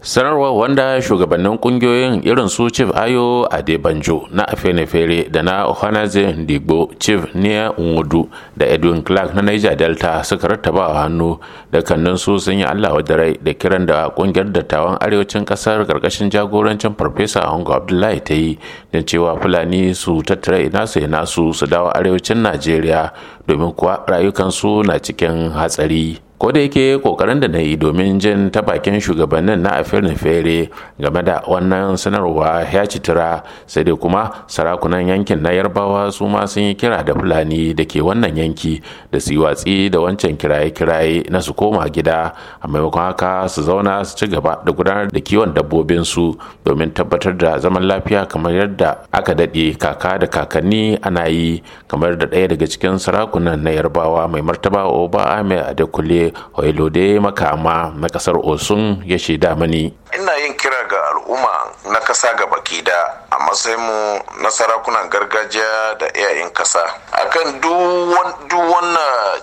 sanarwar wanda shugabannin kungiyoyin irin su chief ayo adebanjo na afenefere da na ohanaze digbo chief nia ngudu da edwin clark na niger delta suka rattaba a hannu da kannin su sun yi allah wa rai da kiran da kungiyar dattawan arewacin kasar karkashin jagorancin farfesa hango abdullahi ta yi don cewa fulani su tattara ina su ina su su dawo arewacin najeriya domin kuwa rayukansu na cikin hatsari ko da yake kokarin da na yi domin jin ta bakin shugabannin na afirin fere game da wannan sanarwa ya citira sai dai kuma sarakunan yankin na yarbawa su ma sun yi kira da fulani da ke wannan yanki da su yi watsi da wancan kiraye-kiraye na su koma gida a maimakon haka su zauna su ci gaba da gudanar da kiwon dabbobin su domin tabbatar da zaman lafiya kamar yadda aka daɗe kaka da kakanni ana yi kamar da ɗaya daga cikin sarakunan na yarbawa mai martaba oba ahmed adekunle hoilode makama na kasar osun ya shaida mani ina yin kira ga al'umma na kasa ga baki da a matsayin mu na sarakunan gargajiya da iyayen kasa akan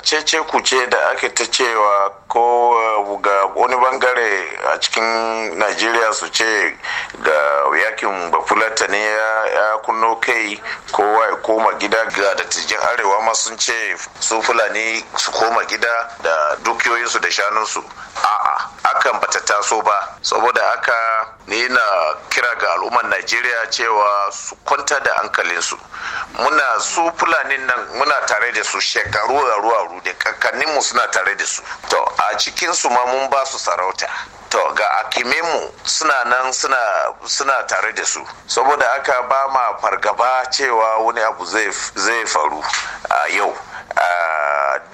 cece kuce da ake ta cewa ko uh, ga wani bangare a cikin najeriya su ce ga yakin bafulata ne ya kunno kai kowa ya koma gida ga da tijin arewa ma sun ce su fulani su koma gida da dukiyoyinsu da shanunsu a'a akan bata taso ba saboda aka ne na kira ga al'ummar najeriya cewa su kwanta da hankalinsu muna su fulani nan muna tare da su shekaru da ruwa da kakanninmu suna tare da su to a cikinsu ma mun ba su sarauta to ga akimemu suna nan suna tare da su saboda aka ba ma fargaba cewa wani abu zai faru a yau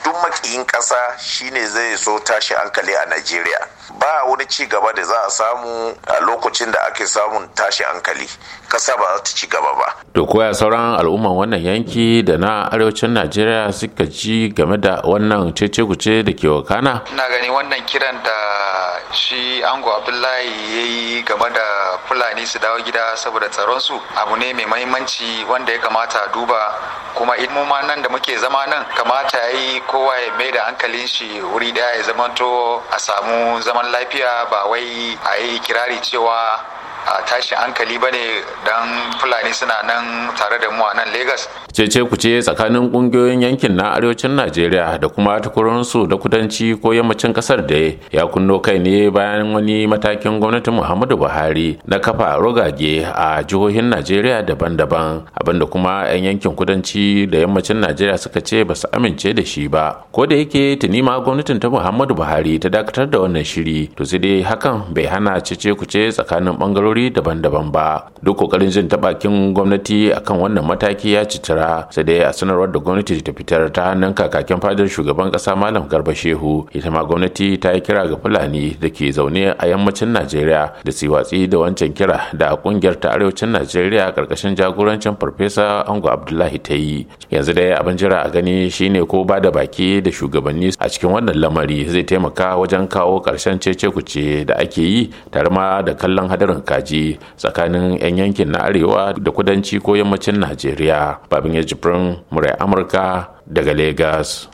duk makiyin ƙasa shine zai so tashi hankali a najeriya ba wani ci gaba da za a samu a lokacin da ake samun tashi hankali ƙasa ba za ta ci gaba ba to koya sauran al'umman wannan yanki da na arewacin najeriya suka ji game da wannan cece kuce da ke wakana ina gani wannan kiran da shi ango abdullahi ya yi game da fulani su dawo gida saboda tsaron su abu ne mai mahimmanci wanda ya kamata a duba kuma mu ma nan da muke zama nan kamata ya yi kowa ya mai da hankalin shi wuri daya ya zamanto a samu zaman lafiya ba wai a yi kirari cewa a tashi hankali bane dan fulani suna nan tare da mu a nan Legas. Cece ce tsakanin kungiyoyin yankin na arewacin Najeriya da kuma tukurorinsu da kudanci ko yammacin kasar da ya kunno kai ne bayan wani matakin gwamnatin Muhammadu Buhari na kafa rogage a jihohin Najeriya daban-daban abinda kuma 'yan yankin kudanci da yammacin Najeriya suka ce ba su amince da shi ba. Ko da yake tuni ma gwamnatin ta Muhammadu Buhari ta dakatar da wannan shiri to sai dai hakan bai hana cece ce tsakanin bangarorin bangarori daban-daban ba duk kokarin jin ta gwamnati akan wannan mataki ya citira sai dai a sanarwar da gwamnati ta fitar ta hannun kakakin fadar shugaban kasa malam garba shehu ita ma gwamnati ta yi kira ga fulani da ke zaune a yammacin najeriya da su watsi da wancan kira da kungiyar ta arewacin najeriya karkashin jagorancin farfesa ango abdullahi ta yi yanzu dai abin jira a gani shine ko ba da baki da shugabanni a cikin wannan lamari zai taimaka wajen kawo karshen cece kuce da ake yi tare ma da kallon hadarin kaji gidaje tsakanin 'yan yankin na arewa da kudanci ko yammacin najeriya babin ya jibrin murai amurka daga Legas.